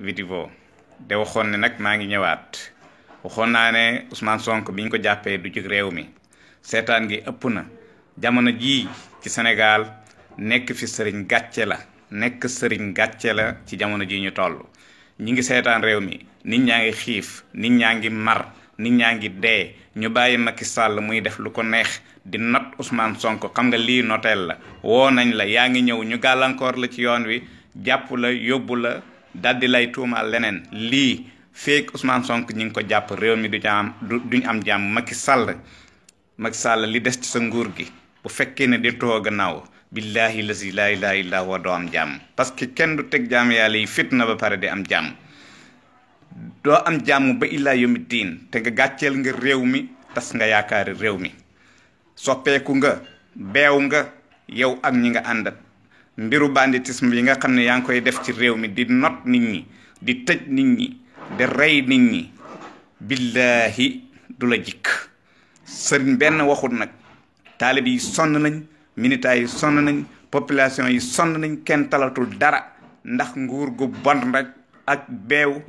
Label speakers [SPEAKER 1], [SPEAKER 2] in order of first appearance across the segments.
[SPEAKER 1] vidéo de waxoon ne nag maa ngi ñëwaat waxoon naa ne Ousmane Sonko biñ ko jàppee du ci réew mi seetaan gi ëpp na jamono jii ci Sénégal nekk fi sëriñ gàcce la nekk sëriñ gàcce la ci jamono jii ñu toll ñi ngi seetaan réew mi nit ñaa ngi xiif nit ñaa ngi mar nit ñaa ngi dee ñu bàyyi Macky Sall muy def lu ko neex di not Ousmane Sonko xam nga lii noteel la woo nañ la yaa ngi ñëw ñu gàllankoor la ci yoon wi jàpp la yóbbu la daldi lay leneen lii feek usmaan sonk ñi ngi ko jàpp réew mi du am duñ am jàmm Macky Sall Macky Sall li des ci sa nguur gi bu fekkee ne di too gannaaw billaahi lasi laa ilaaha illaa huwa doo am jàmm parce que kenn du teg jàmm yàlla yi fitna ba pare de am jàmm doo am jàmm ba illaa yomi diin te nga gàcceel nga réew mi tas nga yaakaari réew mi soppeeku nga beew nga yow ak ñi nga àndat mbiru banditisme yi nga xam ne yaa ngi koy def ci réew mi di not nit ñi di tëj nit ñi di rey nit ñi billahi du la jikk sëriñ benn waxut nag taalib yi sonn nañ militaires yi sonn nañ population yi sonn nañ kenn talatul dara ndax nguur gu bon rek ak bew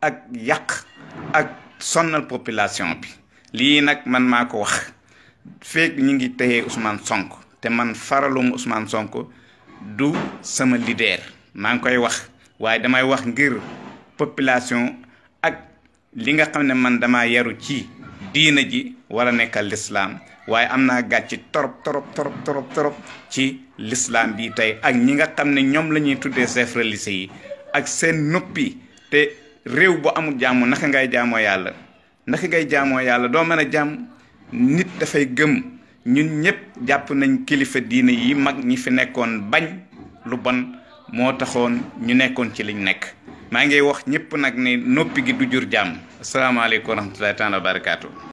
[SPEAKER 1] ak yàq ak sonnal population bi lii nag man maa ko wax feek ñi ngi téye Ousmane sonk te man faralum Ousmane Sonko du sama leader maa ngi koy wax waaye damay wax ngir population ak li nga xam ne man damaa yaru ci diina ji war a nekkal lislaam waaye am naa gàcci torop torop torop torop torop ci lislaam bi tey ak ñi nga xam ne ñoom la ñuy tuddee chefs religieux yi ak seen noppi te réew bu amul jàmm naka ngay jaamoo yàlla naka ngay jaamoo yàlla doo mën a jàmm nit dafay gëm ñun ñëpp jàpp nañ kilifa diine yi mag ñi fi nekkoon bañ lu bon moo taxoon ñu nekkoon ci liñ nekk maa ngi wax ñëpp nag ni noppi gi du jur jàmm asalaamaaleykum wa rahmatullahi taala wa barakaatu